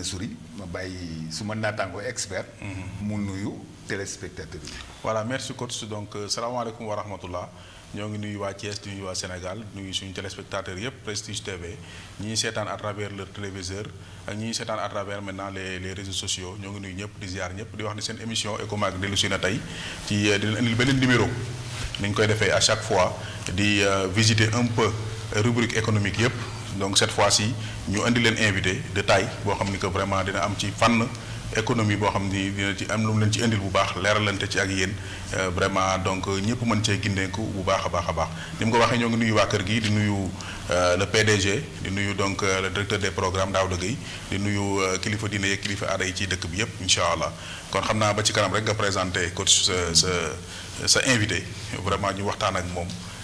a sori ma bàyyi suma ma naataango expert mhm. mu nuyu téléspectateurs yi voilà merci coach donc euh, salaamaaleykum wa rahmatullah ñoo ngi nuyu waa Thiès di nuyu waa Sénégal nuyu suñu téléspectateurs yëpp Prestige TV ñi ñuy seetaan à travers leur téléviseur ak ñi ñuy seetaan à travers maintenant les les réseaux sociaux ñoo ngi nuyu ñëpp di ziar ñëpp di wax ni seen émission Ecomag dellu si na tey ci euh, di leen indil beneen numéro ni ñu koy defee à chaque fois di euh, visiter un peu rubrique économique yëpp. donc cet fois si ñu indileen invité de taille boo xam ni que vraiment dina am ci fànn économie boo xam ni dina ci am lu mu leen ci indil bu baax leeralante ci ak yéen euh, vraiment donc euh, ñëpp mën cee gindeeku bu baax a baax a baax ni mu ko waxee ñoo ngi nuyu waa kër gi di nuyu euh, le PDG di nuyu donc le directeur des programmes Daouda Gueye di nuyu kilifa diine kilifa aada yi ci dëkk bi yépp incha allah kon xam naa ba ci kanam rek nga présenté coach sa sa sa invité vraiment ñu waxtaan ak moom.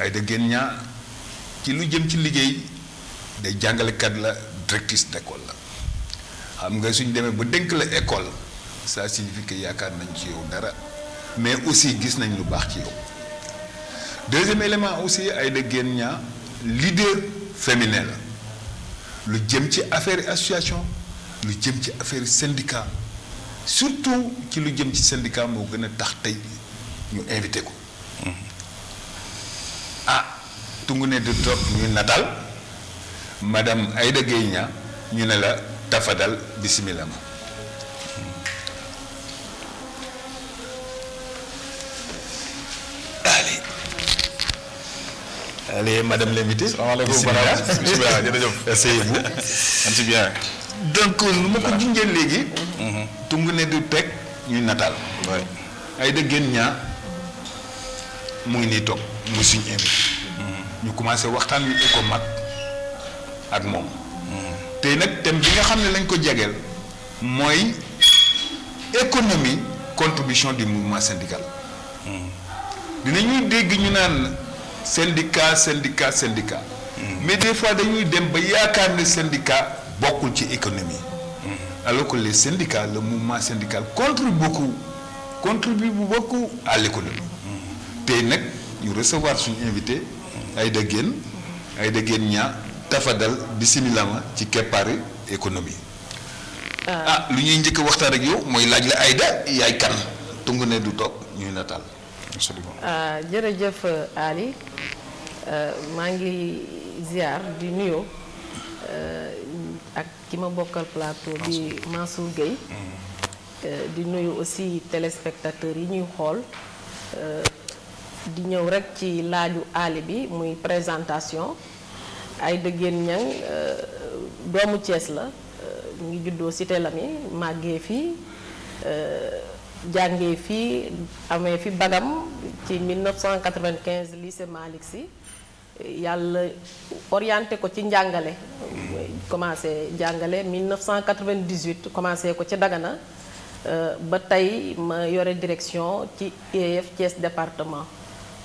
Aïda Guèye Niang ci lu jëm ci liggéey day jàngalekat la directrice d'école la xam nga suñ demee ba dénk la école ça signifie que yaakaar nañ ci yow dara mais aussi gis nañ lu baax ci yow deuxième élément aussi Aïda Guèye Niang leader féminin la lu jëm ci affaire association lu jëm ci affaire syndicat surtout ci lu jëm ci syndicat moo gën a tax tey ñu invité ko mm-hmm. ah tungu ne du toog ñu nataal madame Aïda Gueye ñu ne la tafadal bisimilah ma allez allez madame l'invitée salaamaaleykum donc lu euh, ma ko jungeen léegi mhm. tungu ne du teg ñuy nataal Aïda Gueye mu ngi nii toog Nous suñu nous ñu commencé à de économie contribution du mouvement syndical Nous dégg ñu syndicat syndicat mais des fois dañuy dem ba syndicats syndicat économie alors que les syndicats le mouvement syndical contribue beaucoup contribue beaucoup à l'économie nous recevoir son invité Aïda guen Aïda guen ñaa tafadal bisimila ma ci keppaari économie euh. ah lu ñuy njëkk waxtaan ak yow mooy laaj la Aïda yaay kan tungu ne du toog ñuy nataal absolument euh, jërëjëf Ali euh, mangi ziar du Nio, ak m'a ma bokkal plateau bi Mansour Gueye mm. di aussi téléspectateurs yi ñuy Hall. di ñëw rek ci laaju aali bi muy présentation ay dëggeen ñang euh, doomu Thiès la euh, ngi juddoo Cité Lamy màggee fii euh, jàngee fii amee fi bagam ci 1995 lycée Malick Sy yàlla orienté ko ci njàngale commencé jàngale 1998 commencé ko ca Dagana ba tey ma yore direction ci IEF Thiès département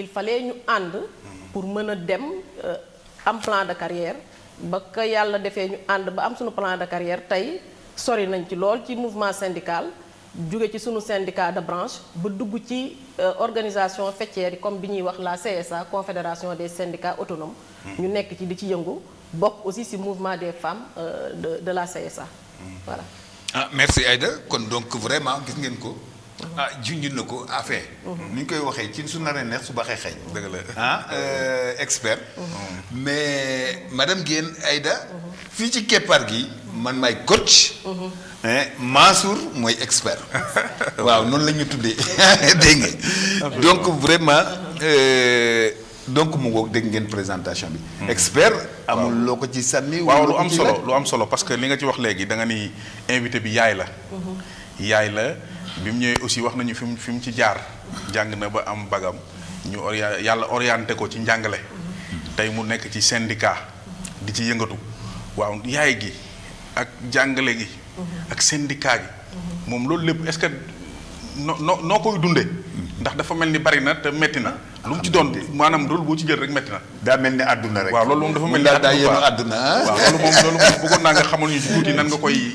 il fallait nous ànd pour mener dem euh, am plan de carrière ba ko yalla defé ñu and ba am suñu plan de carrière tay sori nañ ci lool ci mouvement syndical jóge ci suñu syndicat de branche ba dugg ci euh, organisation fêtière comme biñuy wax la CSA confédération des syndicats autonomes ñu nekk ci di ci yëngu aussi ci mouvement des femmes euh, de de la CSA voilà ah merci Aïda kon donc vraiment gis ngeen ko ah junjun na affaire. Mhm. ni ñu koy waxee ci su naree neex su baxee xëy. dëgg ah. euh, expert. Mhm. mais madame Guène Aïda. Mhm. fii ci keppaar gi man maay coach. Hein? Mansour mooy expert. waaw non la ñu tuddee donc vraiment. Euh, donc mu ngoog dégg ngeen présentation bi. expert amul loo ko ci sànni. waaw am solo lu am solo parce que li nga ci wax léegi da nga ni invité bi yaay la. yaay la. bi mu ñëwee aussi wax nañu fi mu fi mu ci jaar jàng na ba am bagam ñu oria yàlla orienté ko ci njàngale tey mu nekk ci syndicat di ci yëngatu waaw yaay gi ak jàngale gi ak syndicat gi moom loolu lépp est-ce que no no noo koy dundee ndax dafa mel ni bari na te metti na lu mu ci doon maanaam rôle boo ci jël rek metti na daa mel ni àdduna rek waaw loolu moom dafa mel ni daa yéenu àdduna ah. waaw loolu moom loolu naa nga xamal ñu ci tuuti nan nga koy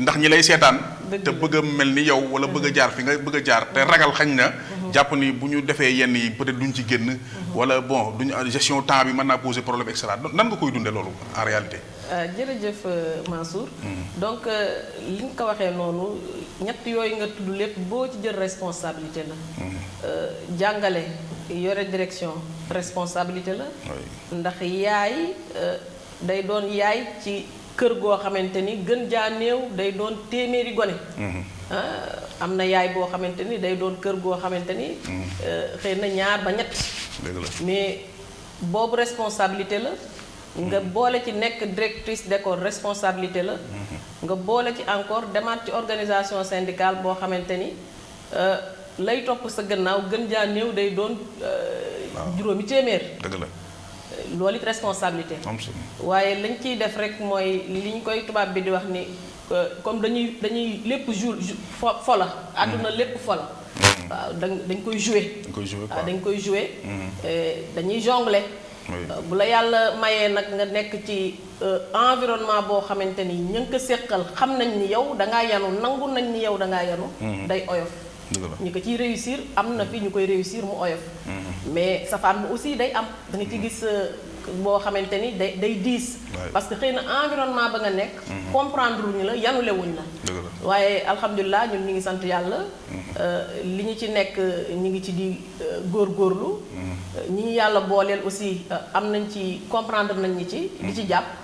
ndax ñi lay seetaan te bëgg a mel ni yow wala bëgg a jaar fi nga bëgg a jaar te ragal xañ na jàpp ni bu ñu defee yenn yi peut-être duñ ci génn wala bon duñu gestion temps bi mën naa poser problème et cetera nan nga koy dundee loolu en réalité euh, jërëjëf euh, Mansour hmm. donc euh, li nga ko waxee loolu ñett yooyu nga tudd lépp boo ci jël responsabilité la hmm. jàngale yore direction responsabilité la ndax yaay day doon yaay ci kër goo xamante ni gën jaa néew day doon téeméeri gone mhm. ah, am na yaay boo xamante ni day doon kër goo xamante ni mhm. euh, xëy na ñaar ba ñett mais boobu responsabilité la nga mhm. boole ci nekk directrice d'école responsabilité la nga boole ci encore demaat ci organisation syndicale boo xamante ni euh, lay topp sa gannaaw gën jaa néew day doon euh, juróomi téeméer dëgg loolu it responsabilité. waaye lañ ciy def rek mooy li ñu koy tubaab bi di wax ni comme dañuy dañuy lépp jour fo fo la. Mm. àdduna lépp fo la. Mm. waaw dañ koy joué. dañ koy joué dañ koy joué. dañuy jonglé. Euh, bu la yàlla mayee nag nga nekk ci euh, environnement boo xamante ni ña ko séqal xam nañ ni yow da ngaa yanu nangu nañ ni yow da ngaa yanu. Mm-hmm. day oyof. ñu ko ciy réussir am na fi ñu koy réussir mu oyof mm-hmm. mais safaan bi aussi day am da ci gis euh, boo xamante ni day day diis parce que xëy na environnement ba nga nekk mm-hmm. comprendre wuñu la yanulewuñ la waaye alhamdulilah ñun ñi ngi sant yàlla mm-hmm. euh, li ñu ci nekk euh, ñu ngi ci di góor góorlu ñu yàlla booleel aussi am nañ ci comprendre nañ ñu ci di ci jàpp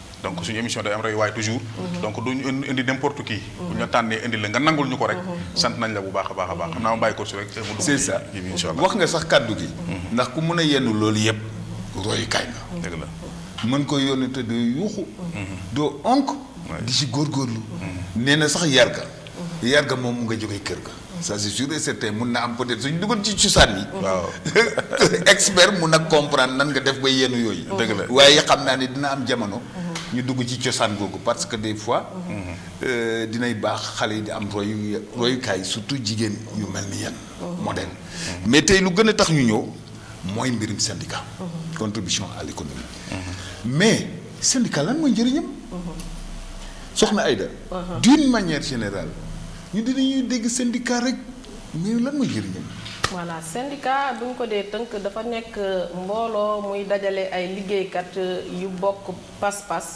donc suñu émission day am royuwaay toujours mhm. donc duñu indi n'importe qui mhm. bu ñu tànnee indi la nga nangul ñu ko rek mhm. sant nañ la bu baax a baax a baax xam naa ma bàyyi ko si rek mu dugg c'est ça nga sax kàddu gi ndax ku mën a yenn loolu yëpp royukaay nga dëgg la mën ko yónni te doo yuuxu doo di si góorgóorlu nee na sax yarga yarga moom mu nga jógee kër ga ça c'est sûr et certain na am peut-être suñu duggoon ci cosaan yi. waaw expert mun na comprendre nan nga def ba yenn yooyu. dëgg waaye xam naa ne dina am jamono. ñu dugg ci cosaan googu parce que des fois. Mhm. Euh, dinay baax xale yi di am royu royukaay surtout jigéen yu mel ni yéen. Mhm. modèle mhm. mais tey lu gën a tax ñu ñëw mooy mbirum syndicat. contribution à l'économie. mais syndicat lan mooy njëriñam. soxna Aïda. d'une manière général ñu dinañuy dégg syndicat rek mais lan mooy njëriñam. voilà syndicat bu ñu ko dee tënk dafa nekk mbooloo muy dajale ay liggéeykat yu bokk pas-pas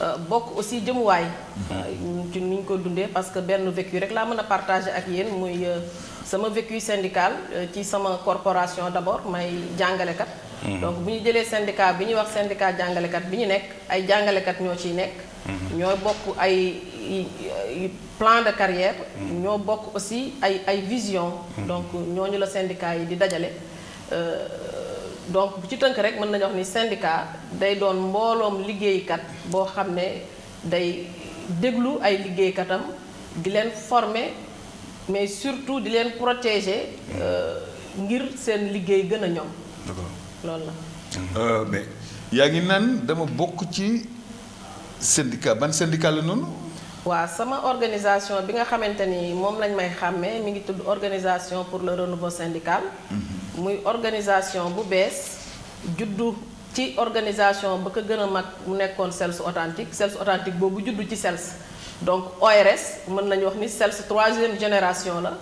euh, bokk aussi jëmuwaay. Mm-hmm. Euh, ci ni ñu ko dundee parce que benn vécu rek laa mën a partager ak yéen muy euh, sama vécu syndical ci sama corporation d'abord may jàngalekat. Mm-hmm. donc bu ñu jëlee syndicat bi ñuy wax syndicat jàngalekat bi ñu nekk ay jàngalekat ñoo ciy nekk. Mm-hmm. ñoo bokk ay. plan de carrière ñoo bokk aussi ay ay vision hmm. donc ñooñu le syndicat yi di dajale euh, donc bu ci tënk rek mën nañu wax ni syndicat day doon mbooloom liggéeykat boo xam ne day déglu ay liggéeykatam di leen former mais surtout di leen protéger euh, ngir seen liggéey gën a ñoom loolu la euh, mais yaa ngi naan dama bokk ci syndicat ban syndicat la noonu waaw sama organisation bi nga xamanteni mom lañ may xamé, mi ngi tudd organisation pour le renouveau syndical. Mhm. muy organisation bu bees juddu ci organisation ba ko gën a mag mu nekkoon CELS authentique CELS authentique bobu juddu ci CELS. donc ORS mën nañ wax ni 3 troisième génération la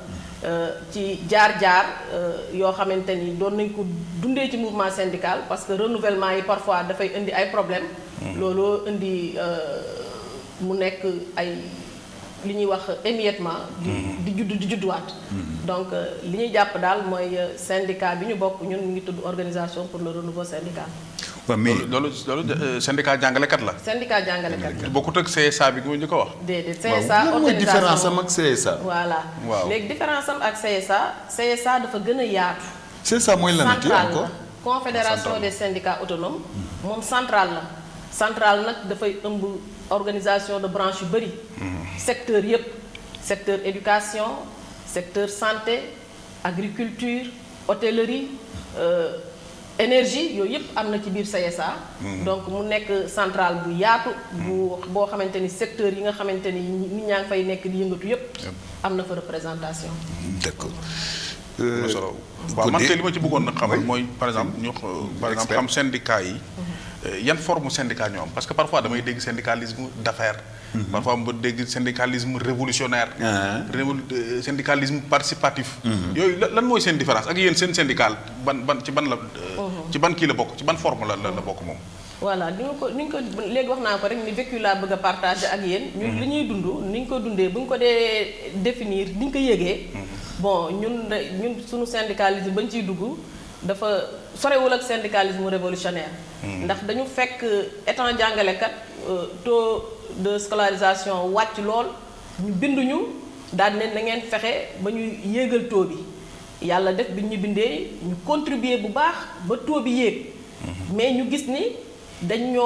euh, ci jaar-jaar euh, yo xamante ni doon nañ ko dundé ci mouvement syndical parce que renouvellement yi parfois fay indi ay problèmes. Mhm. looloo indi. Euh, mu nek ay li ñuy wax émiettement. di mm-hmm. judd di judduwaat. Mm-hmm. donc euh, li ñuy jàpp daal mooy euh, syndicat bi ñu bokk ñun mu ngi tudd organisation pour le renouveau syndical. mais loolu loolu euh, syndicat jàngalekat la. syndicat jàngalekat la bokkut ak CSA bi nga njëkk a wax. déedéet CSA organisation une différence am ak CSA. voilà léegi différence am ak CSA. CSA dafa gën a yaatu. CSA mooy lan ci encore confédération des syndicats autonomes. moom central la. central nag dafay ëmb organisation de branches yu mhm. secteur yep, secteur éducation secteur santé agriculture hôtellerie euh, énergie yooyu yëpp am ci biir CSA mhm. donc mu nek centrale bu yaatu mhm. bu boo xamante secteur yi nga xamanteni ni nit ñaa fay nek di yëngatu yep amna fa représentation d'accord euh, waaw man té li ma ci bëggoon na xamal moy par exemple ñu euh, par exemple xam syndicat yi Euh, yan forme syndicat ñoo am parce que parfois damay dégg syndicalisme d'affaires mhm. parfois mu dégg syndicalisme révolutionnaire ah. euh, syndicalisme participatif mhm. yooyu lan mooy seen différence ak yéen seen syndical ban ban ci ban la euh, kii la bokk ci ban forme la la bokk moom voilà ni nga ko ni nga ko léegi wax naa ko rek ni vécu laa bëgg a partager ak yéen ñun mhm. li ñuy dund ni ñu ko dundee bu ñu ko dee définir ni ñu ko yëgee bon ñun ñun suñu syndicalisme bañ dugg dafa sorewul ak syndicalisme révolutionnaire hmm. ndax dañu fekk euh, étant kat euh, taux de scolarisation wàcc lool ñu binduñu daal ne na ngeen fexe ba ñu yéegal taux bi yàlla def bi ñu bindee ñu contribuer bu baax ba taux bi yéeg hmm. mais ñu gis ni dañ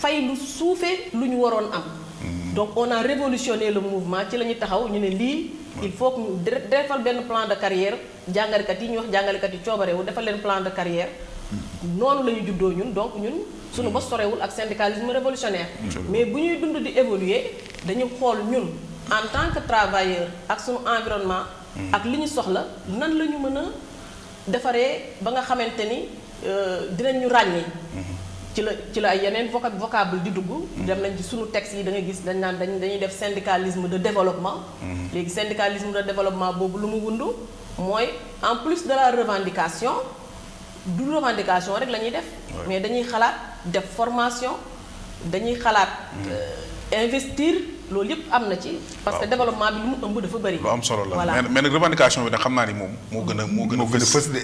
fay lu suufee lu ñu waroon am hmm. donc on a révolutionné le mouvement ci la ñu taxaw ñu ne lii il faut que ñu defal benn plan de carrière jàngalekat yi ñu wax jàngalekat yi wu defal len plan de carrière nonu lañu juddo ñun donc ñun suñu boss sorewul ak syndicalisme révolutionnaire mais buñuy dund di évoluer dañu xol ñun en tant que travailleur ak suñu environnement mm. ak liñu soxla nan lañu mëna défaré ba nga xamanteni euh dinañ ñu ragné ci la ci la ay yeneen vocable di dugg. Mm-hmm. dem nañ ci sunu texte yi da ngay gis dañ naan dañuy def syndicalisme de développement. Mm-hmm. léegi syndicalisme de développement boobu lu mu wund mooy en plus de la revendication du revendication rek la ñuy def. mais dañuy xalaat def formation dañuy xalaat mm-hmm. euh, investir. loolu yëpp am na ci. parce que développement bi lu mu ëmb dafa bëri. lu am solo la voilà revendication bi nag xam naa ni moom. moo gën a moo gën a fës de.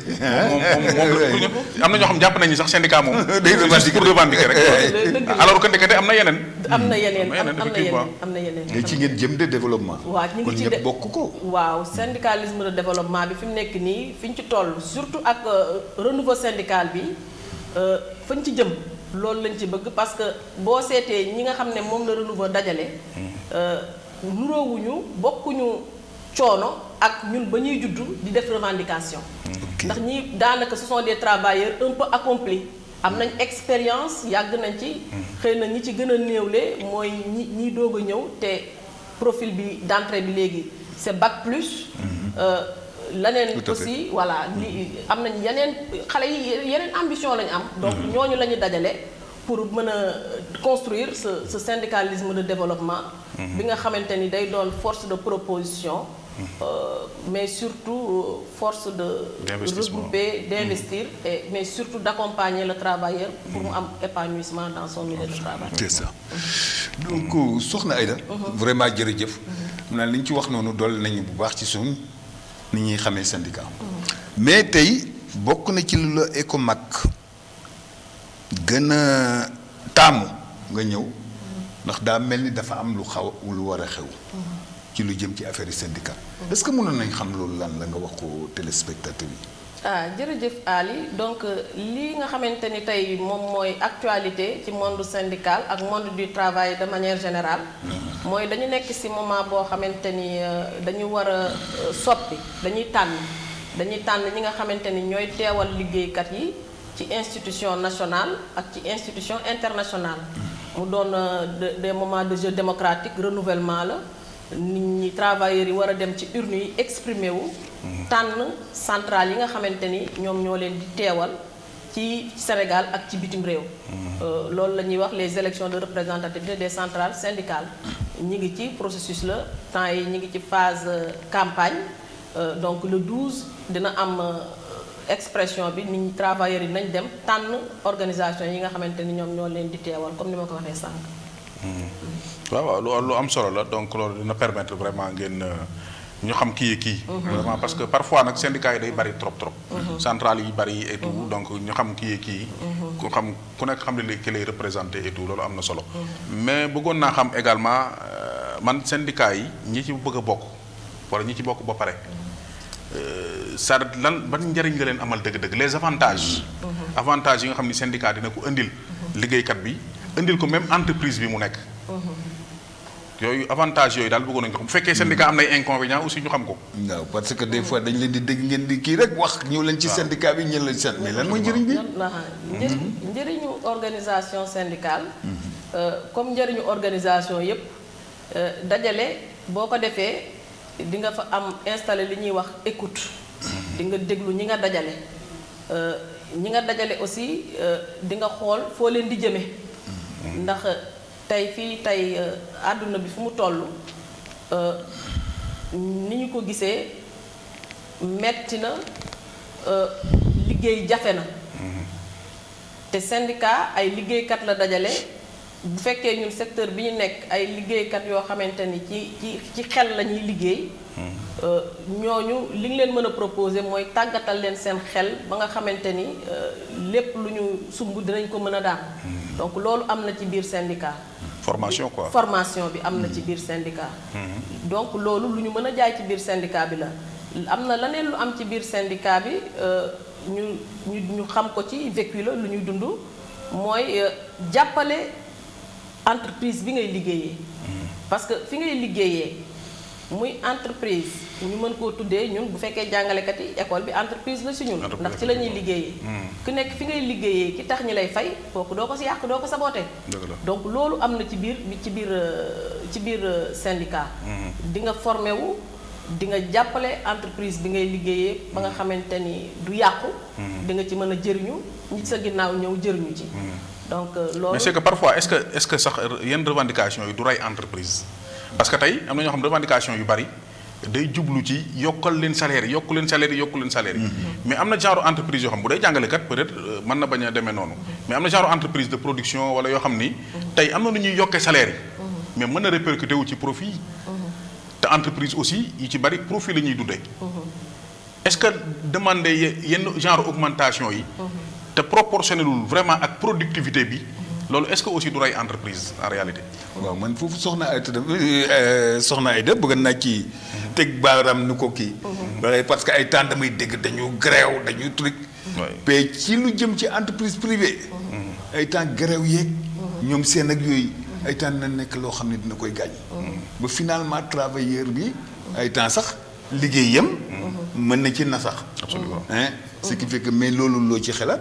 am na ñoo xam jàpp nañu sax syndicat moom. day revendiquer pour revendiquer rek. alors que ndekete am na yeneen. am na yeneen am na yeneen am na yeneen. ci ngeen jëm de développement. waaw ñu ngi ci de bokk ko. waaw syndicalisme de développement bi fi mu nekk nii fi ñu ci toll surtout ak euh, renouveau syndical bi euh, fañ ci jëm. loolu lañ ci bëgg parce que bo sété ñi nga xam ne moom la renouveau euh, wuñu bokku ñu choono ak ñun bañuy ñuy di def revendication ndax ñi danaka ce sont des travailleurs un peu accomplis am nañ expérience yag nañ ci mm. xëy na ñi ci gëna a moy mooy ñi doga ñew té profil bi d'entrée bi légui c'est bac plus mm-hmm. euh, aussi voilà mm-hmm. ambition donc mm-hmm. pour construire ce syndicalisme de développement mm-hmm. bi nga xamanteni force de proposition euh, mais surtout euh, force de regrouper, d'investir, mais surtout d'accompagner le travailleur pour un épanouissement dans son milieu de travail. C'est ça. Donc, euh, vraiment, ni ñuy xamee syndicat mais tey bokk na ci lu la ECOMAG gën a taamu nga ñëw ndax daa mel ni dafa am lu xaw lu war a xew ci lu jëm ci affaire syndicat est-ce que mënoon nañ xam loolu lan la nga wax ko téléspectateur yi ah jërëjëf Ali donc lii nga xamante ni tey moom mooy actualité ci monde syndical ak monde du travail de manière générale mm-hmm. mooy dañu nekk ci moment boo xamante ni euh, dañu war a euh, soppi dañuy tànn dañuy tànn ñi nga xamante ni ñooy teewal liggéeykat yi ci institution nationale ak ci institution internationale mu doon euh, des moment de jeu démocratique renouvellement la nit ñi travailleurs yi war a dem ci urne yi exprimer wu mm-hmm. tànn centrale yi nga xamante ni ñoom ñoo leen di teewal ci Sénégal ak ci bitim réew. Euh, loolu la ñuy wax les élections de représentativité des centrales syndicales. ñi ngi ci processus le temps yi ñi ngi ci phase euh, campagne euh, donc le 12 dina am expression bi nit ñi travailleurs yi nañ dem tànn organisation yi nga xamanteni ñom ñoom ñoo leen di teewal comme nima ko waxé sank hmm. waaw waaw lu am solo la donc loolu dina permettre vraiment ngeen. ñu xam kii kii. Mhm. parce que parfois nag syndicat yi day bari trop trop. Mhm. centrale yi bari et tout mhm. donc ñu xam kii kii. ku xam ku nekk xam ne ki lay représenté et tout loolu am na solo. mais bëggoon naa xam également euh, man syndicat yi ñi ci bëgg a bokk wala ñi ci bokk ba pare. sar euh, lan ban njëriñ nga leen amal dëgg-dëgg les avantages. avantages yi nga xam ni syndicat dina ko indil. liggéeykat bi indil ko même entreprise bi mu nekk. yooyu avantage yooyu daal bëggoon nañ ko bu fekkee syndicat am nay inconvénient aussi ñu xam ko. waaw parce que des fois dañ leen di dégg ngeen di kii rek wax. ñëw leen ci syndicat bi ñëw leen ci mais lan mooy njëriñ bi. Mhm. njëriñu organisation syndicale. Mhm. Euh, comme njëriñu organisation yépp euh, dajale boo ko defee di nga fa am installé li ñuy wax écoute. Mhm. di nga déglu ñi nga dajale. Euh, ñi nga dajale aussi di nga xool foo leen di jëme ndax. tey fii tey euh, àdduna bi fu mu toll euh, ni ñu ko gisee metti na euh, liggéey jafe na mm-hmm. te syndicat ay liggéeykat la dajale bu fekkee ñun secteur bi ñu nekk ay liggéeykat yoo xamante ni ci ci ci xel la ñuy liggéey. Hmm. Euh, ñooñu li ñu leen mën a proposé mooy tàggatal leen seen xel ba nga xamante ni euh, lépp lu ñu sumb dinañ ko mën a daan. Hmm. donc loolu am na ci biir syndicat. formation quoi formation bi am na ci hmm. biir syndicat. donc loolu lu ñu mën a jaay ci biir syndicat bi la. am na leneen lu am ci biir syndicat bi euh, ñu ñu ñu xam ko ci vécu lu ñuy dund mooy jàppale. entreprise bi ngay liggéeyee parce que fi ngay liggéeyee muy entreprise ñu mën koo tuddee ñun bu fekkee jàngalekat yi école bi entreprise la si ñun ndax ci la ñuy liggéeyee hmm. ku nekk fi ngay liggéeyee ki tax ñi lay fay kooku doo ko sa yàq doo ko saboté donc loolu am na ci biir ci biir euh, ci biir euh, syndicat hmm. di nga formé wu di nga jàppale entreprise bi ngay liggéeyee ba nga hmm. xamante ni du yàqu di nga ci mën a jëriñu ñi sa ginnaaw ñëw jëriñu ci donc euh, loolu mais c'est que parfois est-ce que est-ce que a une euh, revendication du rey entreprise parce que tey am na ñoo xam revendication yu bari day jublu ci yokkal leen salaire yi yokku leen salaire yi yokku leen salaire mm-hmm. mais am genre entreprise yoo xam bu day jàngalekat peut-être euh, mën na bañ a demee mm-hmm. mais am genre entreprise de production wala y xam ni mm-hmm. tey am na nu ñuy yokkee salaire mais mën na répercuté wu ci profit yi te entreprise aussi yu ci bari profit la ñuy dundee est-ce que demander yenn genre augmentation yi te proportionnelul vraiment ak productivité bi loolu est-ce que aussi du rey entreprise en réalité. waaw man foofu soxna ay euh, soxna ay dëpp bëgg naa kii. teg baaraam nu ko kii. Mhm. parce que ay temps damay dégg dañu grève dañu truc. mais ci lu jëm ci entreprise privée. Mhm. ay temps grève yeeg. Mhm. ñoom seen ak yooyu. ay temps na nekk loo xam ne dina koy gaañ. ba finalement travailleur bi. ay temps sax liggéey yëm mën na ci na sax. absolument ce qui fait mais loolu loo ci xelaat.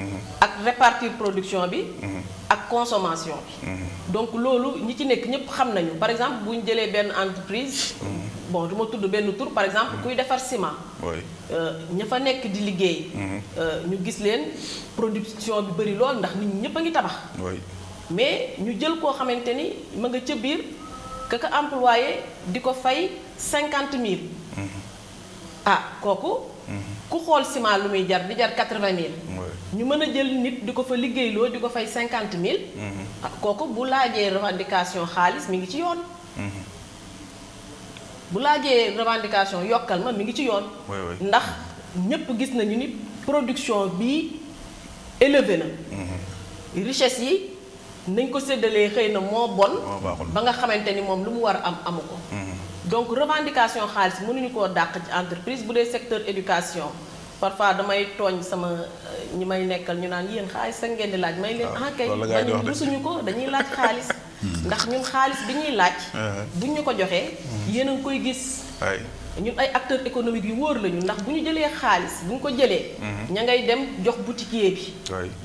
Mm-hmm. ak répartir production bi la mm-hmm. consommation mm-hmm. donc ñi ci par exemple bu ñu entreprise bon par exemple kuy défar ciment Nous euh, di euh, production bi bari mais ñu jël ko employé diko fay cinquante ah ku ciment lu ñu mëna jël nit diko fa fay mm-hmm. ah, bu revendication mi ngi ci yoon. Mm-hmm. bu revendication ma mi ngi ci yoon. ndax production bi élevé na. Mm-hmm. richesse yi nañ ko avons bon. donc revendication Nous ñu ci entreprise secteur éducation. parfois damay tooñ sama euh, ñi may nekkal ñu naan yéen xaalis sax ngeen laaj may leen ah, ah kay man rusuñu ko dañuy laaj xaalis hmm. ndax ñun xaalis bi ñuy laaj buñ ah, ah. ñu ko joxee hmm. yéen a ngi koy gis ñun ay acteurs économiques yu wóor lañu ndax bu ñu jëlee xaalis bu ñu ko jëlee hmm. ña ngay dem jox boutiquier bi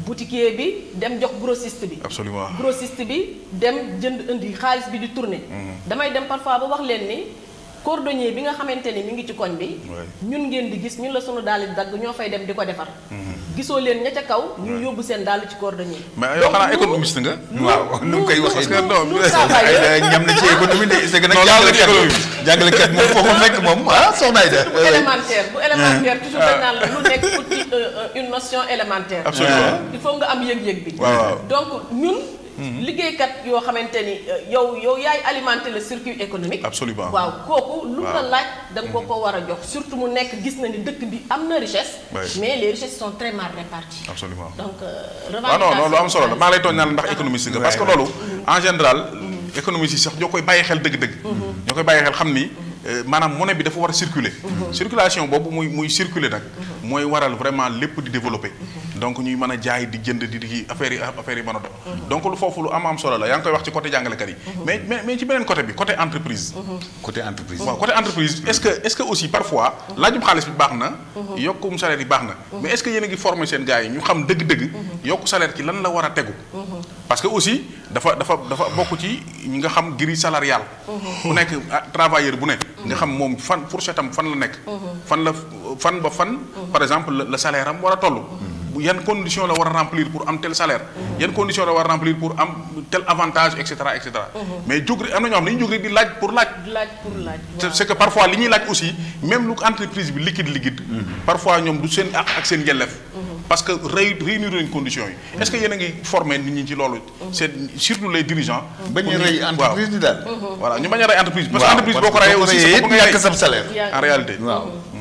boutiquier bi dem jox grossiste bi absolument grossiste bi dem jënd indi xaalis bi di tourner damay dem parfois ba wax leen ni cordonnier bi nga xamante ni mi ngi ci koñ bi ñun ngeen di gis ñun la sunu daal di dagg ñoo fay dem di ko defar mhm. gisoo leen ña ca kaw ñun yóbbu seen daal ci cordonnier mais yow xanaa économiste nga waaw nu ngi koy waxee ñam na ci économie de c'est que nag jàngalekat jàngalekat moom foofu nekk moom ah soxna Aïda bu élémentaire bu élémentaire toujours dañ naan la ah. lu nekk pour euh, euh, une notion élémentaire absolument il faut nga am yëg-yëg bi donc ñun Mhm. liggéeykat kat euh, yo alimenter le circuit économique. absolument waaw surtout richesse. mais les richesses sont très mal réparties. absolument donc euh, ah non non am solo ah. économiste parce que mhm. en général. Mhm. économiste sax xel xel euh, monnaie circuler. circulation bobu muy circuler vraiment développer. donc ñuy mën a jaay di jënd di di affaire yi affaire yi mën a dox donc lu foofu lu am am solo la yaa ngi koy wax ci côté jàngalekat yi mhm. mais mais ci beneen côté bi côté entreprise mhm. côté entreprise waaw côté entreprise est-ce que est-ce que aussi parfois mhm. laajum xaalis bi baax na yokkum salaire yi baax na mais est-ce que yéen a ngi former seen gars yi ñu xam dëgg-dëgg yokku salaire ci lan la war a tegu parce que aussi dafa dafa dafa bokk ci ñi nga xam grille salariale ku nekk ah, travailleur bu nekk nga xam moom fan fourchette fan la nekk fan la fan ba fan par exemple le salaire am war a toll yan condition la war remplir pour am tel salaire yan condition la war remplir pour am tel avantage etc. etc mhm. mais jóg rek am na ñoo xam ne dañuy pour rek di laaj pour laaj c'est que parfois li ñuy laaj aussi même lu entreprise bi liquide liquide mhm. parfois ñom du seen ak ak seen yelleef mhm. parce que réunir nañ conditions condition. est-ce que yene ngi former nit ñi ci loolu c'est surtout les dirigeants bañ a entreprise di daal voilà ñu bañ a entreprise parce que entreprise boo ko reyee aussi nga yak sa salaire en réalité waaw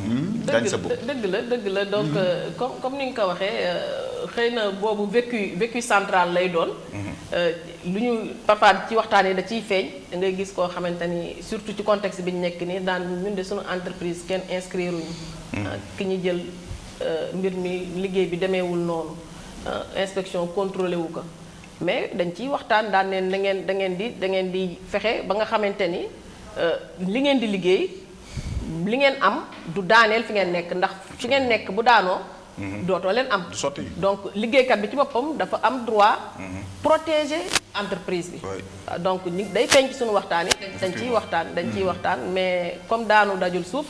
dëgg la dëgg la donc mm-hmm. euh, comme ni nga ko waxee euh, xëy vécu vécu central lay doon. Mm-hmm. Euh, lu papa ci waxtane yi da ciy feeñ ngay gis ko xamante surtout ci contexte bi nek ni nii daan ñun de suñu entreprise ken inscrire ñu. Mm-hmm. ki ñu jël mbir mi liggéey bi déméwul non inspection contrôlé wu ko. mais dañ ciy waxtane daan neen da ngeen da ngeen di da ngeen di fexé ba nga xamante li ngeen di liggéey li ngeen am du daaneel fi ngeen nekk ndax fi ngeen nekk bu daanoo. Mhm. dootoo leen am. du sotti donc liggéeykat bi ci boppam dafa am droit. Mhm. protéger entreprise bi. donc ñu day feeñ ci suñu waxtaan yi. dañ ciy waxtaan dañ ciy mhm. waxtaan mais comme daanu dajul suuf.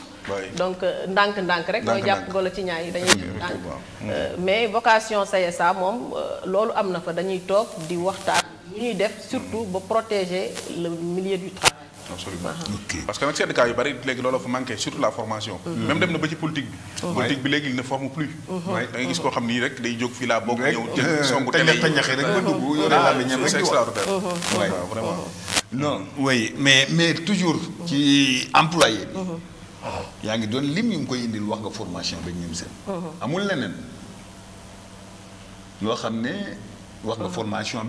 donc euh, ndànk-ndànk rek. mooy jàpp golo ci ñaar yi dañuy ndànk. Euh, mais vocation CSA moom euh, loolu am na fa dañuy toog di waxtaan. lu ñuy def surtout ba protéger le milieu du travail absolument ah. parce que nag bari de fa manque surtout la formation mm-hmm. même dans na ba politique mm-hmm. politique ne forme plus mm-hmm. nga gis rek day euh, non oui mais mais toujours qui employé Il y a lim qui ont koy formation ba une formation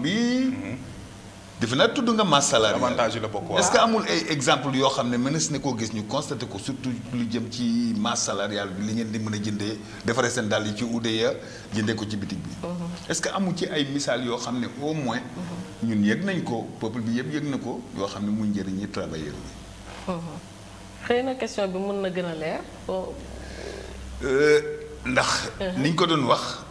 defe tudd nga masse la bokk waaw est-ce que amul ay exemple yoo xam ne mënees na koo gis ñu constaté ko surtout lu jëm ci masse salariale bi li ngeen di a jëndee defaree seen dàll yi ci udeya jëndee ko ci bitig bi. Mhm. est-ce que amul ci ay misaal yoo xam ne au moins. Mhm. ñun yëg nañ ko peuple bi yëpp yëg na ko yoo xam ne muy njëriñ ñi travailleur bi. Mhm. xëy na question bi mën na gën a leer. Euh, ndax. niñ ko doon wax.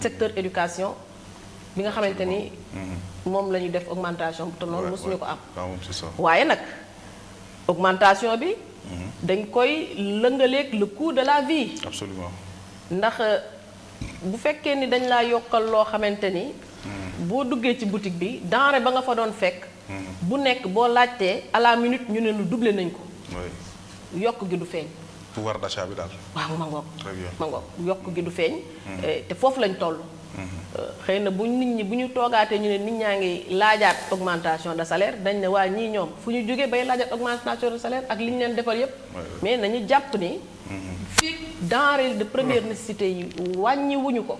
secteur éducation bi nga xamante ni mm-hmm. moom la def augmentation bu tolloon mosuñu ko am ah waaye nag augmentation bi mm-hmm. dañ koy lëngaleeg le coût de la vie absolument ndax euh, bu fekkee ni dañ laa yokkal loo xamante ni mm-hmm. boo duggee ci boutique bi denrée ba nga fa doon fekk bu nekk boo laajtee à la minute ñu ne lu doublé nañ ko yokk gi du feeñ pouvoir d'achat bi daal. waaw ma ngoog. ma ngoog yokk gi du feeñ. Mhm. Eh, te foofu lañ toll. Mhm. Eh, xëy na bu nit ñi bu ñu toogaatee ñu ne nit ñaa ngi laajaat augmentation de salaire dañ ne waa ñii ñoom fu ñu jógee bay laajaat augmentation de salaire ak li ñu leen defal yépp mais nañu jàpp ni. Mhm. fii denrée de première nécessité yi wàññi wuñu ko.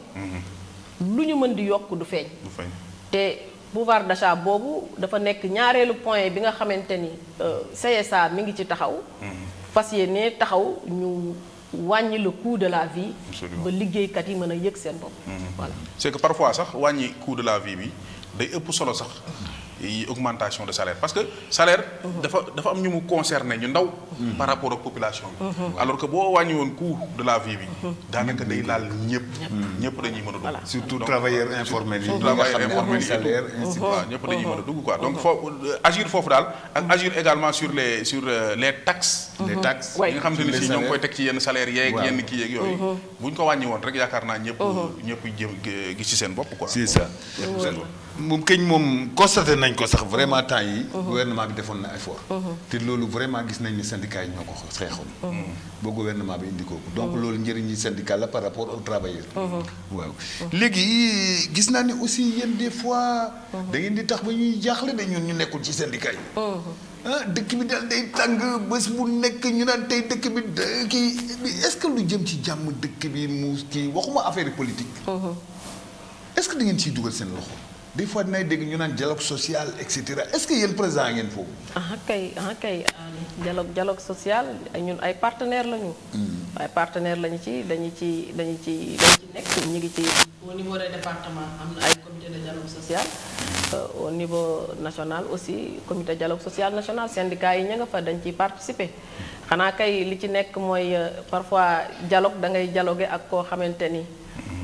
lu ñu mën di yokk du feeñ. te pouvoir d'achat boobu dafa nekk ñaareelu point bi nga xamante ni euh, CSA mi ngi ci taxaw. Parce que le coût de la vie. Mhm. c'est que parfois ça, coût de la vie augmentation de salaire parce que salaire. dafa dafa am ñu mu concerné ñu ndaw. par rapport ak population bi. Mhm. alors que boo wàññi woon coût de la vie bi. Mhm. daanaka day ñëpp. ñëpp dañuy mën a dugg. surtout travailleurs informels yi. travailleurs informels yi dañuy mën a dugg quoi mhm. donc euh, foofu daal ak agir également sur les sur euh, les taxes. les taxes nga xam te ne si ñoo ngi koy teg ci yenn salaire yeeg yenn kii yooyu. bu ñu ko wàññi woon rek yaakaar naa ñëpp. ñëpp gis ci seen bopp quoi. c'est ça. moom këñ moom constaté nañ ko sax vraiment temps yi mhm. gouvernement bi defoon na effort. Mhm. te loolu vraiment gis nañ ni syndicat yi ñoo ko xeexoon. Mhm. boo gouvernement bi indi kooku. donc loolu njëriñ yi syndicat la par rapport aux travailleurs. waaw léegi eh, gis naa ne aussi yéen des fois. da di tax ba ñuy jaaxle ne ñun ñu nekkul ci syndicat yi. ah dëkk bi daal day tàng bés bu nekk ñu naan tey dëkk bi kii est-ce que lu jëm ci jàmm dëkk bi mu kii waxuma affaire politique. est-ce c da ngeen ciy dugal seen loxo. des fois dinay dégg un dialogue social etc. est-ce que y président ngeen foofu. ah kay ah kay euh, dialogue dialogue social ñun ay partenaires lañu. Hmm. partenaires lañu ci dañu ci dañu ci ci au niveau des départements am ay comité de dialogue social. Euh, au niveau national aussi comité de dialogue social national syndicat yi ña nga fa dañ participer hmm. kay li euh, parfois dialogue da ngay dialoguer ak koo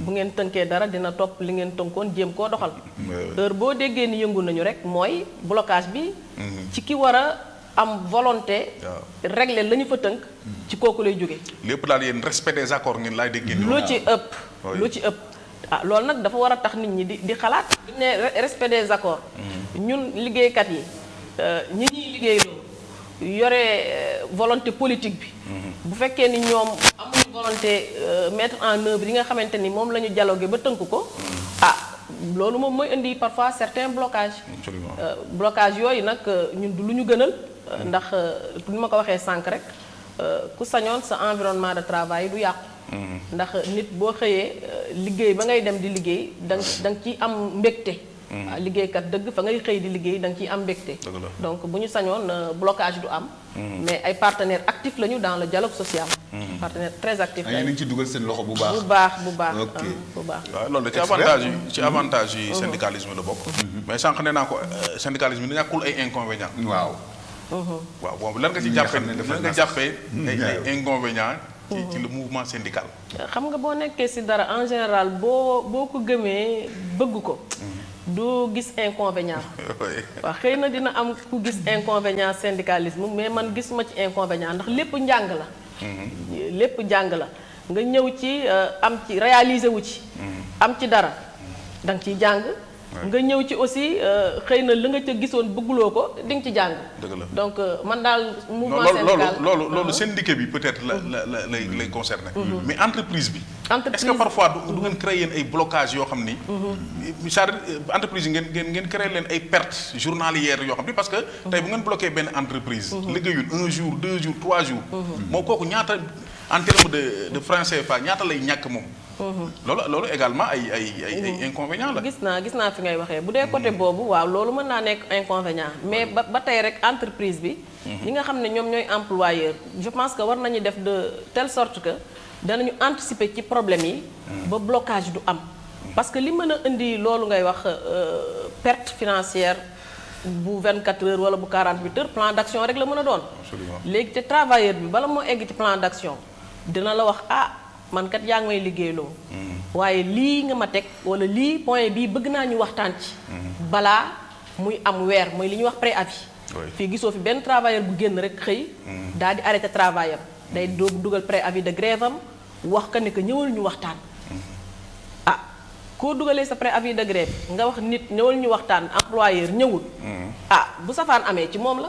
bu ngeen tënkee dara dina topp li ngeen tënkoon jéem koo doxal heure boo déggee ni yëngu nañu rek mooy blocage bi mhm. ci ki war a am volonté régler la ñu fa tënk mhm. ci kooku lay jóge lépp daal yéen respect des accords ngeen laay dégg lu ci ëpp lu ci ëpp ah loolu nag dafa war a tax nit ñi di di xalaat ne respect des accords mhm. ñun liggéeykat yi euh, ñi ñuy liggéey loolu yore euh, volonté politique bi. Mhm. bu fekké ni ñom amuñu volonté euh, mettre en œuvre yi nga xamante mom lañu dialoguer ba tënk ko. Mhm. ah lolu mom moy indi parfois certains blocages. Euh, blocage yoy nak ñun du luñu gënal. ndax ni ma ko waxee sànq rek ku sañoon sa environnement de travail du yàqu. Mhm. ndax nit bo xëyee liggéey ba ngay dem di liggéey dang nga da am mbékté ah, kat deug fa ngay xey di liggéey dang ci am mbégte donc buñu sañone euh, blocage du am mm-hmm. mais ay partenaires actifs lañu dans le dialogue social mm-hmm. partenaires très actifs ah, lañu ñu ci duggal seen loxo bu baax bu baax bu baax ah, bu baax waaw loolu ci avantage ci mm-hmm. avantage syndicalisme le bok mais sank nee naa ko euh, syndicalisme di ñàkkul ay inconvénients waaw waaw bon lan nga ci jappé lan nga jappé ay inconvénients ci le mouvement syndical xam nga bo nekkee ci dara en général bo boko ko bëgg ko doo gis inconvénient waa xëy na dina am ku gis inconvénient syndicalisme mais man gis ma ci inconvénient ndax lépp njàng la mhm. lépp njàng la nga ñëw ci euh, am ci réaliser wu ci mhm. am ci dara danga ciy jàng nga ñëw ci aussi euh, xëy na li nga ca gisoon bëgguloo ko di nga ci jàng. dëgg la donc euh, man daal. mouvement syndical loolu loolu loolu ah. syndicat bi peut-être la la la lay lay concerné. Mm-hmm. Mm-hmm. mais entreprise bi. entreprise est-ce que parfois du ngeen créé yéen ay blocages yoo xam ni. Mm-hmm. c'est-à-dire euh, entreprise yi ngeen ngeen ngeen leen ay pertes journalières yoo xam ni parce que. tey bu ngeen bloqué benn entreprise. liggéeyul un jour deux jours trois jours. moo kooku ñaata. en terme de de français CFA ñata lay ñàkk mom lolu loolu également ay ay inconvénient la. gis fi ngay waxee bu côté mm-hmm. boobu waaw loolu mën naa inconvénient mais ba tay rek entreprise bi. yi mm-hmm. nga xamné ñom ñoy employeur je pense que war nañu def de telle sorte que danañu anticiper ci problème yi. Mm-hmm. ba blocage du am. parce que li mën indi lolu ngay wax euh, perte financière. bu 24 heures wala bu 48 heures plan d'action rek la mën don doon. léegi te travailleur bi bala mo egg ci plan d'action dina la wax ah man kat yaa ngi may liggéeyloo mm-hmm. waaye lii nga ma teg wala lii point bii bëgg naa ñu waxtaan ci. Mm-hmm. balaa muy am weer mooy li ñuy wax préavis. fii gisoo fi benn travailleur bu génn rek xëy. Mm-hmm. daal di arrêté travail am. day doog dugal préavis de grève am wax ko ne que ñëwal ñu waxtaan. ah koo dugalee sa préavis de grève nga wax nit ñëwal ñu waxtaan employeur ñëwul. ah bu safaan amee ci moom la.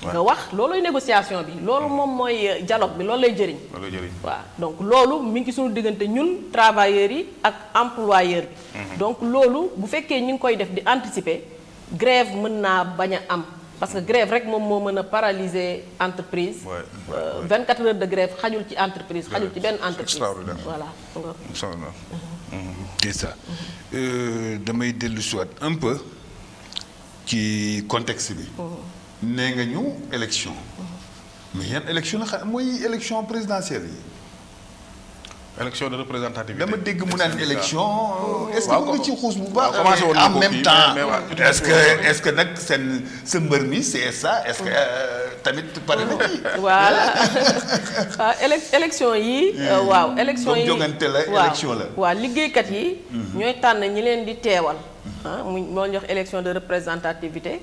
C'est wax négociation c'est qui euh, dialogue donc c'est travailleurs et employeurs. Mhm. donc si bu que ñu grève parce que grève rek paralyser entreprise. 24 euh, heures de grève xajul ci entreprise. entreprise voilà. Mhm. Mhm. c'est ça. Euh, damay un peu ci contexte nous avons une élection mais yan élection la élection présidentielle élection de représentativité dama dégg mu une élection. est-ce que mu ngi ci xuus bu baax. en même temps est-ce que est-ce que c'est ça est-ce que euh, tamit mis de ci. voilà ah, élection yi. Euh, hmm. waaw élection yi jongante la élection la. waaw liggéeykat yi. Hmm. ñooy Nous ñi di teewal. ah mu élection de représentativité.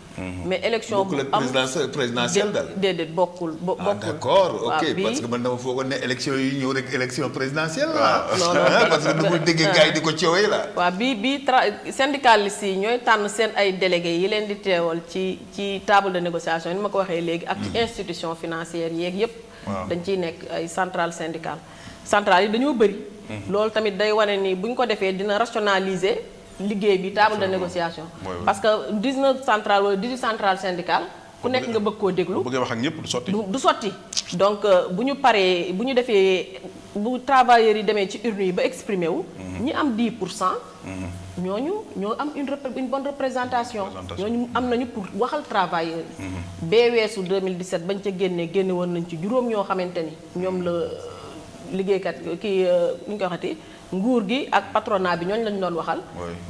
Mhm. mais élection présidentielle daal. déedéet ah d'accord ok parce que maintenant faut qu'on ait élection yi ñëw rek élection présidentielle là ah. non parce que nous voulons déggee gars yi di là coowee bi waaw bii bii nous syndicalistes yi ñooy tànn seen ay délégués yi leen di ci ci table de négociation ni ma ko à léegi. ak ci mhm. institution financière yeeg yépp dañ ciy nekk ay centrale syndicale centrale yi dañoo bëri. Mhm. loolu tamit day wane ni bu ñu ko defee dina rationaliser. liggéey bi taabal de négociation. parce que 19 centrales wala 18 centrales syndicales. ku nekk nga bëgg koo déglu bëggee wax ak ñëpp du sotti. du donc euh, bu ñu paree bu ñu defee bu travailleurs yi demee ci urne yi ba exprimer wu. Mhm. ñi am di pour cent. Mhm. ñooñu ñoo am une repre une bonne représentation. ñooñu am nañu pour waxal travailleurs yi. Mhm. bee weesu 2017 bañ ca génnee génne woon nañ ci juróom ñoo xamante ni ñoom la liggéeykat kii euh, nu ñu koy waxati. nguur gi ak patronat bi ñoon lañ doon waxal.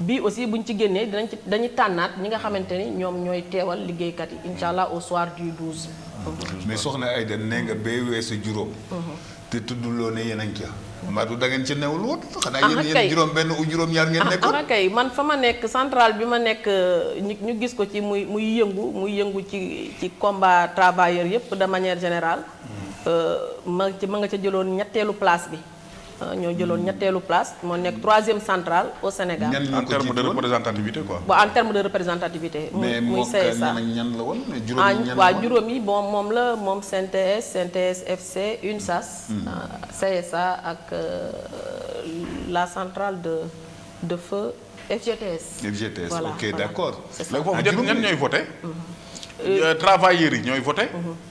bi aussi buñ ci génné dinañ ci dañuy tanat ñi nga xamanteni ñom ñoy téwal liggéey kat inshallah au soir du 12. mais soxna Aïda nee nga bee weesu juróom. Mhm. te tudduloo ne a ma du da ngeen ci newul wut xana yeen yeen juroom ben u juroom yar ngeen nekk ak ay man fama nekk central bima nekk nyugis ñu gis ko ci muy muy yëngu muy yëngu ci ci combat travailleur yépp de manière générale mhm. euh ma ci ma nga ci jëlone ñettelu place bi Euh, ñoo jëloon ñetteelu place mon 3 troisième centrale au Sénégal. en termes de représentativité quoi. en termes de représentativité. Mais muy CSA mais ñan la woon juróomi ah, waaw bon moom la moom CNTS CNTS FC UNSAS. Hmm. Euh, CSA ak euh, la centrale de de feu FGTS. FGTS ok d'accord. accord. c' vous ça léegi foofu ah, ñan ñooy voté. travailleurs yi voté. Mhm.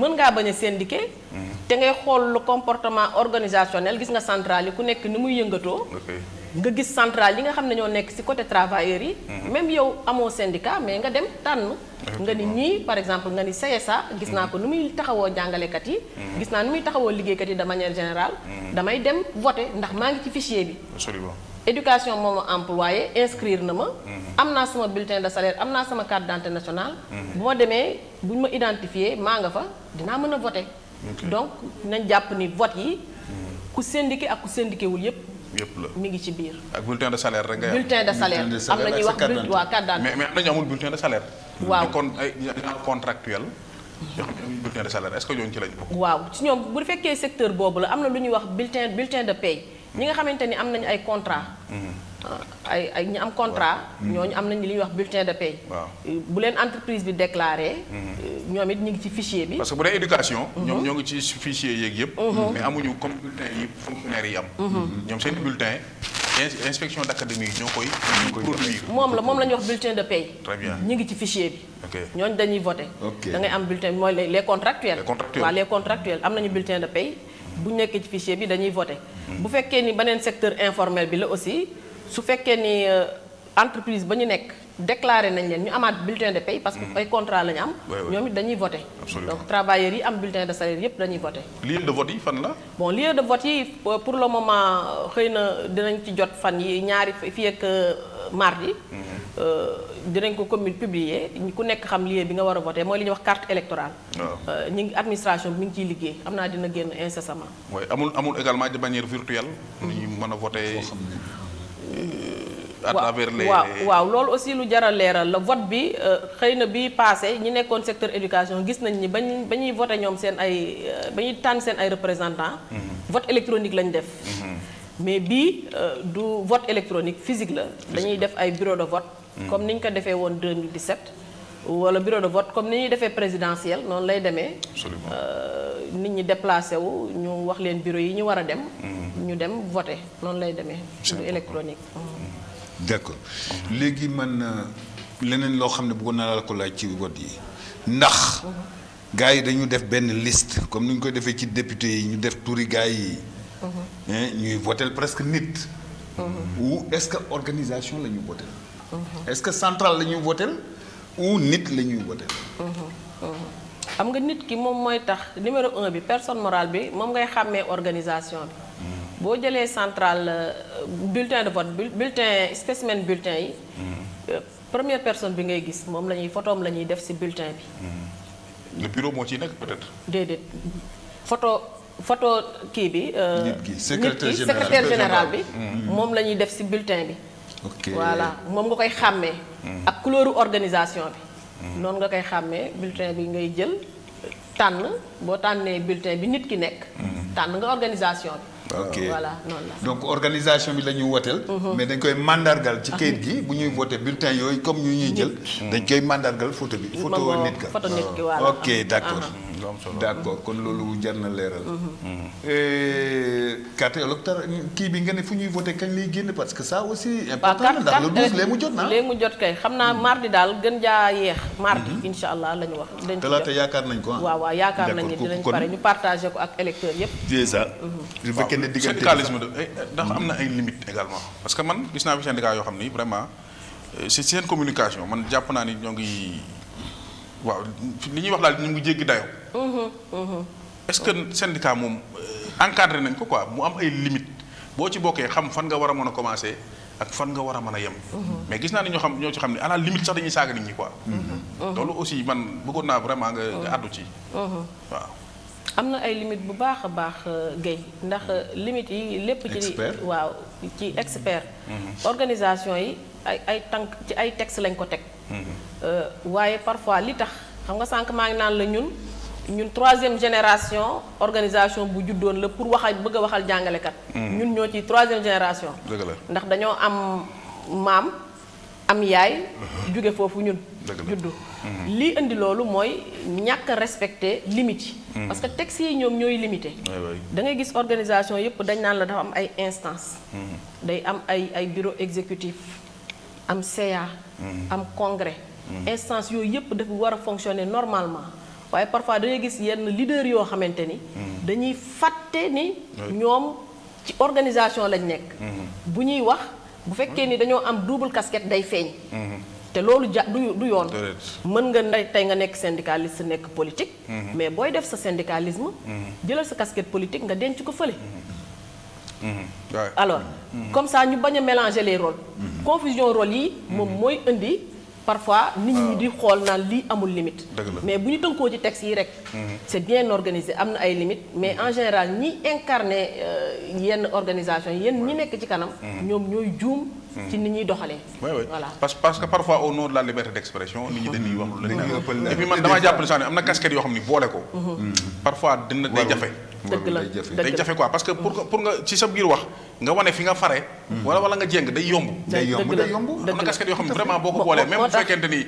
mën ngaa bañ a syndiqué. Mhm. te ngay xool le comportement organisationnel gis nga centrale yi ku nekk ni muy yëngatoo. nga gis central yi nga xam ne ñoo nekk ci côté travailleurs yi. Mhm. même yow amoo syndicat mais nga dem tànn. nga ni ñii par exemple nga ni CSA. gis naa mhm. ko nu muy taxawoo jàngalekat yi. gis naa nu muy taxawoo liggéeykat yi de manière général damay dem voté ndax maa ngi ci ficier bi. éducation mon employé inscrire nama mhm. amna sama bulletin de salaire amna sama carte d'identité nationale. Mhm. bu démé buñ bu identifier ma nga fa dina mëna voter. donc nañ japp ni vote yi. Mhm. ku syndiqué ak ku syndiqué wul yépp yépp la mi ngi ci biir. ak bulletin de salaire rek nga bulletin de salaire am na wax waaw carte d'identité mais mais am ñu amul bulletin de salaire. waaw kon ay contractuel. bulletin de salaire est-ce que ñu ci lañ bokk. waaw ci ñom bu fekké secteur bobu la amna na lu ñuy wax bulletin bulletin de paye ñi nga xamante ni am nañu ay contrat mm-hmm. ay ay ñi am contrat mm-hmm. ñooñu am nañu li wax bulletin de paie bu leen entreprise bi déclaré mm-hmm. ñoom it ñu ngi ci fichier bi parce que bu dee éducation ñoom ñoo ngi ci fichier yeeg yëpp mais amuñu comme bulletin yi fonctionnaire yi am ñoom seen bulletin inspection d'académie ñoo koy produire moom la moom la ñuy wax bulletin de paie très bien ñu ngi ci fichier bi ñooñu dañuy voté da ngay am bulletin bi les contractuels waaw les contractuels am nañu bulletin de paie bu ñu nekkee ci fichier bi dañuy voter bu fekké ni beneen secteur informel bi la aussi su fekké ni euh, entreprise ba ñu nekk déclaré nañ leen ñu bulletin de parce que mhm. ay contrat lañ am. donc travailleurs yi am bulletin de salaire yëpp dañuy voté. de vote yi fan la. bon de vote pour le moment xëy dinañ ci jot fan yi ñaari euh, mardi. Mhm. Euh, dinañ ko commune publier ku xam bi war li carte électorale. Euh, ñi administration mi ngi également à travers les waaw waaw Lol aussi lu jar a leeral vote bi euh, na bi passé ñi nekkoon secteur éducation gis nañ ni bañuy ba ñuy voté ñoom seen ay euh, bañuy tan tànn seen ay représentants. Mhm. vote électronique lañ def. Mhm. mais euh, du vote électronique physique la. dañuy def ay bureau de vote. Mhm. comme niñ ko défé won 2017. wala bureau de vote comme niñ défé présidentiel non lay demee. Euh, nit ñi déplacer wu ñu wax leen bureau yi ñu war a dem. ñu dem voter non lay demee. électronique d' accord léegi man euh, leneen loo xam ne bëggoon naa la ko laaj ci vote yi ndax gars dañu def benn liste comme ni ñu koy defee ci député yi ñu def turi gars yi. Mhm. Hein, ñuy votel presque nit. Mhm. ou est ce que organisation la ñu mhm. est ce que centrale la ñuy votel ou nit la ñuy votel xam nga nit ki moom mooy tax numéro un bi personne morale bi moom ngay xàmmee organisation bi. Mm. boo jëlee centrale. Euh, bulletin de vote bulletin spécimen bulletin yi. Mhm. Euh, première personne bi ngay gis moom la ñuy photoom la ñuy def ci bulletin bi. Mhm. le bureau moo photo kii bi. Euh, nit ki secrétaire général bi. Mhm. moom la ñuy def ci bulletin bi. ok moom nga koy xàmmee. ak couleuru organisation bi. noonu nga koy xàmmee bulletin bi ngay jël tànn boo tànnee bulletin bi nit ki nekk. tànn nga organisation bi. Ah. ok voilà donc organisation bi la ñuy mhm. mais dañ koy mandargal ci kayit gi bu ñuy voter bulletin yoy comme ñuy ñuy jël. dañ koy mandargal photo bi. photo nit photo nit ki ok d'accord lu am solo d' kon loolu jar na leeral. catalogue mhm. mhm. kii bi nga ne fu ñuy voté kañ lay génn parce que saa aussi. important ndax le 12 lee mu jot naa. lee mu jot kay xam naa mhm. mardi daal gën jaa yeex. mardi incha allah la ñu wax. dinañ talaata yaakaar nañ ko ah. waaw waaw yaakaar nañ ne dinañ pare ko ak électeurs yëpp. déjà. bu fekkee ne diggante syndicalisme de eh, ndax am na ay limites également parce que man gis naa fi syndicat xam ni vraiment euh, si seen communication man jàpp naa ni ñoo ngi. waaw li ñuy wax daal ñu ngi jéggi dayoo. Mm-hmm, mm-hmm. est-ce que syndicat moom euh, encadré nañ ko quoi mu am ay limite boo ci bokkee xam fan nga war a mën a commencer ak fan nga war a mën a yem. Mm-hmm. mais gis naa ne ñoo xam ñoo ci xam ne à la limite sax dañuy saaga nit ñi quoi. loolu aussi man bëggoon naa vraiment nga nga àddu ci. waaw. am na ay limite bu baax a baax euh, Guèye ndax euh, limites yi lépp ci waaw ci expert organisation yi ay ay tànk ci ay tex lañ ko teg Euh, waaye parfois li tax xam nga sànq maa ngi naan la ñun ñun troisième génération organisation bu juddoon la pour waxal bëgg a waxal jàngalekat. Hmm. ñun ñoo ci troisième génération. dëgg la ndax dañoo am mam, am yaay. Uh-huh. jóge foofu ñun. juddu hmm. lii indi loolu mooy ñàkk respecter limite hmm. parce que textes yi ñoom ñooy limité. da ngay gis organisation yëpp dañ naan la dafa am ay instance day am ay ay bureau exécutif am CA. Mm-hmm. am congrès mm-hmm. instance yooyu yëpp dafa war a fonctionner normalement waaye parfois dañuy gis yenn leader yoo xamante ni mm-hmm. dañuy fàtte ni ñoom ci organisation lañ nekk bu ñuy wax bu fekkee ni dañoo am double casquette day feeñ te loolu ja du du yoon mën nga ne tey nga nekk sa nekk politique mais booy def sa syndicalisme jëlal sa casquette politique nga denc ko fële Mm-hmm. alors mm-hmm. comme ça ñu bañ mélanger les rôles mm-hmm. confusion rôle yi moom mooy indi parfois nit ñi ah. di n'y a pas amul limite mais bu ñu tënkoo ci texte yi c'est bien organisé y a ay limites mais en général ñi incarné euh, yenn organisation yenn ñi sont ci kanam ñoom ñooy juum ci nit Oui, oui. voilà parce parce que parfois au nom de la liberté d'expression nit ñi dañuy wax lu et puis man dama jàpp ne amna casquette yo xamni bolé ko parfois dina day dëgg la day jafe quoi parce que pour nga ci sa biir wax nga wane fi nga fare hmm. wala wala nga jéng day yomb day yomb day yomb am na casquette yoo xam ne vraiment boo ko boolee même bu fekkente ni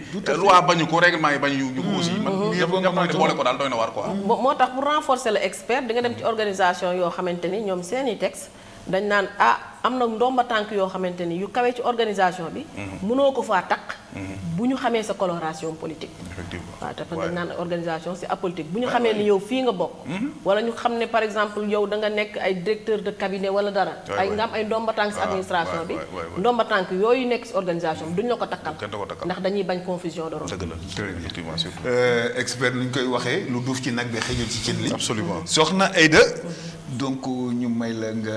loi bañu ko règlement yi bañu ñu hmm. Hmm. daal doy na war quoi moo tax pour renforcer le expert di dem ci organisation yoo xamante ni ñoom seeni texte dañ naan ah am na ndomba tànk yoo xamante ni yu kawe ci organisation bi. Mhm. mënoo ko faa takk. Mhm. bu ñu xamee sa coloration politique. effectivement waaw dafa dañ naan organisation si apolitique bu ñu xamee ni yow fii nga bokk. Mhm. wala ñu xam ne par exemple yow da nga nekk ay directeur de cabinet wala dara. ay nga am ay ndomba tànk si ah, administration bi. ndomba tànk yooyu nekk si organisation bi duñ la ko takkal. ndax dañuy bañ confusion de rôle. dëgg la effectivement euh, expert ni ñu koy waxee lu duuf ci nag bi xëjul ci cin li. absolument soxna Aida. donc euh, ñu may la nga.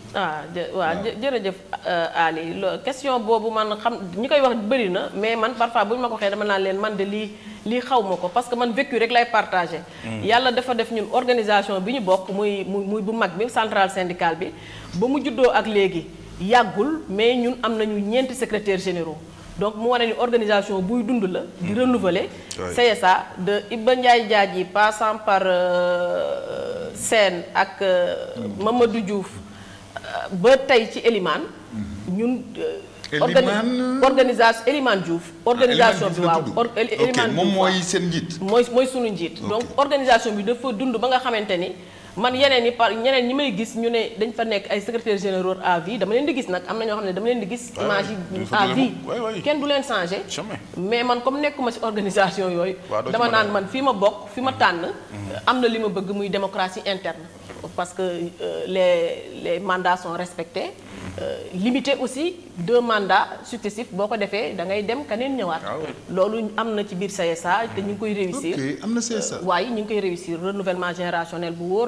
ah waaw jërëjëf euh, Ali question boobu man xam ñi koy wax bëri na mais man parfois bu ñu ma ko xee dama naan leen man de lii lii xaw ma ko parce que man vécu rek lay partager hmm. yàlla dafa def ñun organisation bi ñu bokk muy muy bu mag bi centrale syndicale bi ba mu juddoo ak léegi yàggul mais ñun am nañu ñeenti secretaire généraux. donc mu wane ni organisation buy dund la. di hmm. renouveler. CSA de Iba Ndiaye ji passant par euh, Sène ak euh, hmm. Mamadou Diouf. ba tey ci Elimane ñun euh, Elimane euh, ah, organisation Elimane Diouf. organisation bi waaw Elimane Diouf moom mooy seen njiit. mooy mooy sunu njiit. donc organisation bi dafa dund ba nga xamante ni. man yeneen ni par ñeneen ñi may gis ñu ne dañ fa nekk ay secrétaire généraux à vie dama leen di gis nag am na ñoo xam ne dama leen di gis image à vie kenn du leen changé mais man comme nekkuma ci organisation yooyu dama naan man fii ma bokk fi ma mm-hmm. tànn mm-hmm. am na li ma bëgg muy démocratie interne parce que euh, les les mandats sont respectés mm-hmm. euh, limité aussi deux mandats successifs boo ko defee da ngay dem keneen ñëwaat. Ah loolu am na ci biir CSA te ñu ngi koy réussir. ok am na CSA. Euh, waaye ñu ngi koy réussir renouvellement générationnel bu wóor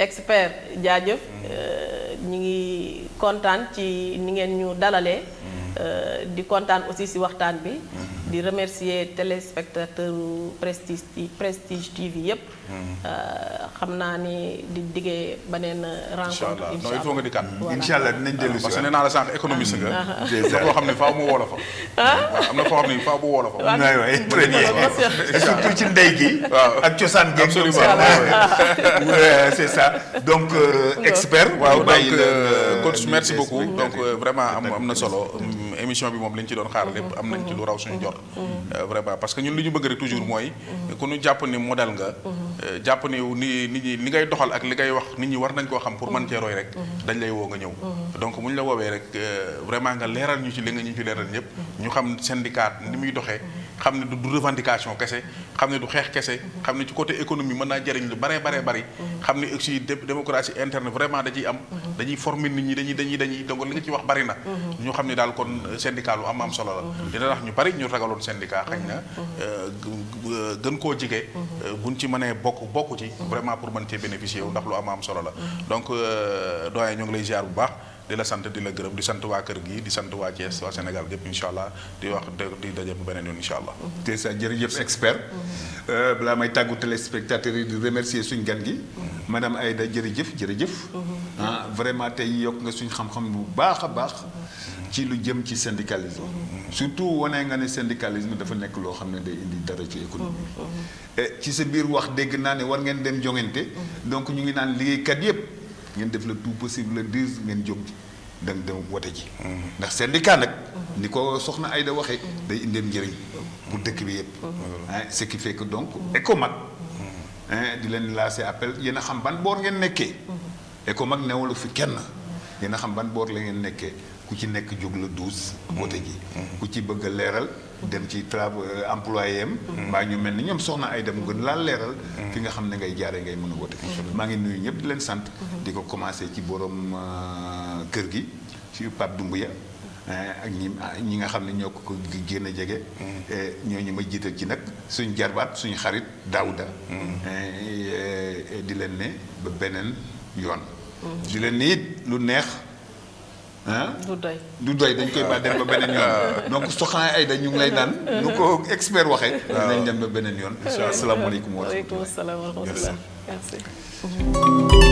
expert jaajëf mm-hmm. euh, ñi ngi kontaan ci ni ngeen ñu dalalee mm-hmm. euh, di kontaan aussi si waxtaan bi mm-hmm. di remercier téléspectateurs prestige prestige TV yep hmm. euh, xam naa ni di diggee beneen rencontre. inshallah allah non il faut nga di incha inshallah dinañ dellu si parce que nee naa la sànq économiste nga. Ah. jërëjëf foo xam ne faaw mu woo la fa. Ah. am na foo xam ne faaw mu surtout ci ndey gi. ak cosaan gi. c' est ça donc euh, expert. waaw donc euh, coach merci beaucoup donc vraiment amna solo. émission bi moom li ñu ci doon xaar lépp am nañ ci lu raw suñu jot euh, vraiment parce ñun li ñu bëgg rek toujours mooy ku jàpp ni modèle nga euh, jàpp ni nit ñi li ngay doxal ak li ngay wax nit ñi war nañ koo xam pour mën cee rek dañ lay woo nga ñëw donc bu ñu la woowee rek euh, vraiment nga leeral ñu ci li ñu ci leeral ñëpp ñu xam syndicat ni muy doxee xam ne du revendication kese xam ne du xeex kese xam ne ci côté économie mën naa jariñ lu bare bare bari xam ne aussi démocratie interne vraiment da am dañuy former nit ñi dañuy dañuy dañuy donc li nga ci wax bari na ñu xam ne daal kon syndicat lu am am solo la dina tax ñu bari ñu ragaloon syndicat xañ na euh, gën koo jige buñ ci mënee bokk bokk ci vraiment pour mën cee bénéficier wu ndax lu am am solo la donc euh, doyen ñu ngi lay ziar bu baax di la sante di la gërëm di sante wa kër gi di sante wa Thiès wa Sénégal gëp inshallah di wax di dajé bu benen yoon incha allah. Mhm. te sa jërëjëf expert. Mhm. Euh, bla may tàggu télé spectateur di remercier suñu gan gi. Mhm. madame Aïda jërëjëf jërëjëf. ah vraiment té yok nga suñu xam-xam bu baaxa baax. ci lu jëm ci syndicalisme. surtout woné nga né syndicalisme dafa nek lo xamné day indi dara ci économie bi. Eh, ci sa bir wax dégg na né war ngeen dem jongenté donc ñu ngi naan kat yëpp. ngeen def le tout possible le 10 ngeen jóg dem dem wote ji. Mhm. ndax syndicat nag. Mhm. ni ko soxna Aida waxee. Mhm. day indeen njëriñ. bu dëkk bi yëpp. ah ce qui fait que donc di leen lancé appel yéen a xam ban boor ngeen nekkee. ECOMAG newalu fi kenn. yéen xam ban boor la ngeen nekkee ku ci nekk jóg le 12. wote ji ku ci bëgg leeral. dem ci tra euh, employé am. Mm-hmm. mbaa ñu mel ni ñoom soxna ay dem gën laa leeral. Mm-hmm. fi nga xam ne ngay jaaree ngay mën a wote. Mm-hmm. maa ngi nuyu ñëpp leen sant. di ko commencé ci borom euh, kër gi ci Pape ya euh, ak ñi ah, ñi nga xam ne ñoo ko génn jege. ñoo ñu ma jiital ci nag suñ jarbaat suñu xarit Daouda. di leen ne ba beneen yoon. di leen ne it lu neex. ah du doy du doy dañ koy ba dem ba beneen yoon ah. donc soxna Aida ñu ngi lay daan nu ko expert waxee ah. dinañ dem ba beneen yoon incha allah asalaamaaleykum wa